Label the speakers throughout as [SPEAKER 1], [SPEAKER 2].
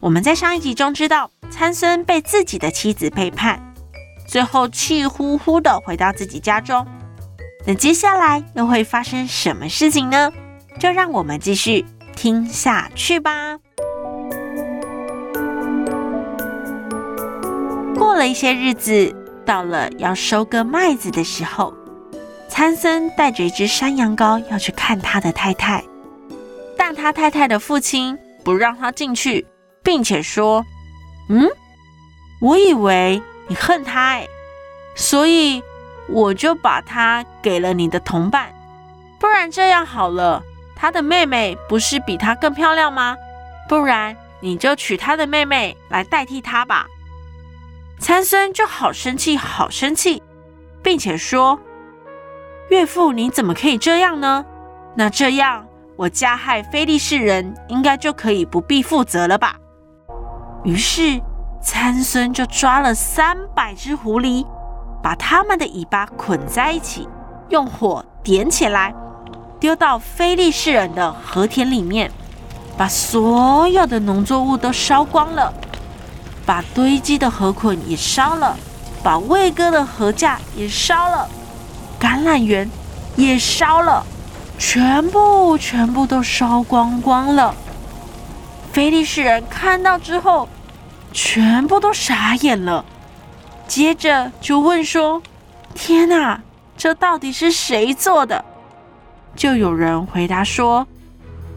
[SPEAKER 1] 我們在上一集中知道，參孫被自己的妻子背叛，最後氣呼呼的回到自己家中。那接下來又會發生什麼事情呢？就讓我們繼續聽下去吧。過了一些日子，到了要收割麥子的時候，參孫帶着一只山羊羔要去看他的太太，但他太太的父親不讓他進去。並且說：“嗯，我以為你恨他哎、欸，所以我就把他給了你的同伴。不然這樣好了，他的妹妹不是比他更漂亮嗎？不然你就娶他的妹妹來代替他吧。”參孫就好生氣，好生氣，並且說：“岳父，你怎麼可以這樣呢？那這樣我加害非利士人，應該就可以不必負責了吧？”於是，參孫就抓了三百隻狐狸，把它們的尾巴捆在一起，用火點起來，丟到非利士人的禾田裡面，把所有的農作物都燒光了，把堆積的禾捆也燒了，把未割的禾稼也燒了，橄欖園也燒了，全部全部都燒光光了。非利士人看到之後，全部都傻眼了。接着就問說：“天哪，這到底是誰做的？”就有人回答說：“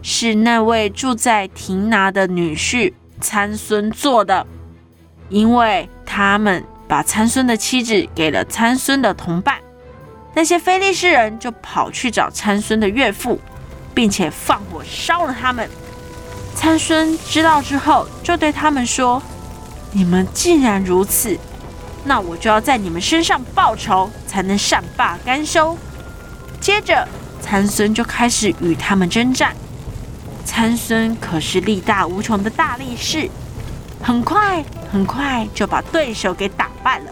[SPEAKER 1] 是那位住在廷拿的女婿參孫做的，因為他們把參孫的妻子給了參孫的同伴，那些非利士人就跑去找參孫的岳父，並且放火燒了他們。”參孫知道之後，就對他們說：“你們既然如此，那我就要在你們身上報仇，才能善罷甘休。”接着，參孫就開始與他們征戰。參孫可是力大無窮的大力士，很快很快就把對手給打敗了。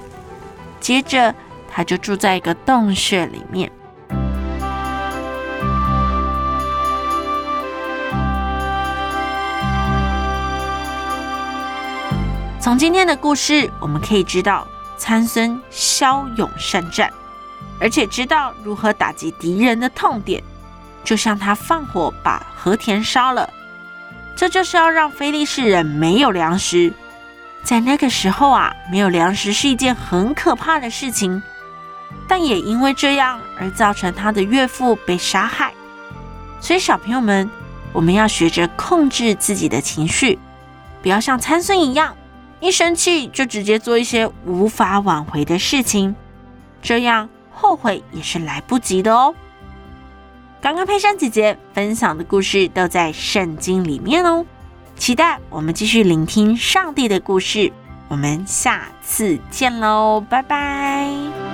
[SPEAKER 1] 接着，他就住在一個洞穴裡面。從今天的故事，我們可以知道參孫驍勇善戰，而且知道如何打擊敵人的痛點。就像他放火把禾田燒了，這就是要讓非利士人沒有糧食。在那個時候啊，沒有糧食是一件很可怕的事情，但也因為這樣而造成他的岳父被殺害。所以小朋友們，我們要學着控制自己的情緒，不要像參孫一樣一生氣就直接做一些無法挽回的事情，這樣後悔也是來不及的哦。剛剛佩珊姐姐分享的故事都在聖經裡面哦，期待我們繼續聆聽上帝的故事，我們下次見嘍，拜拜。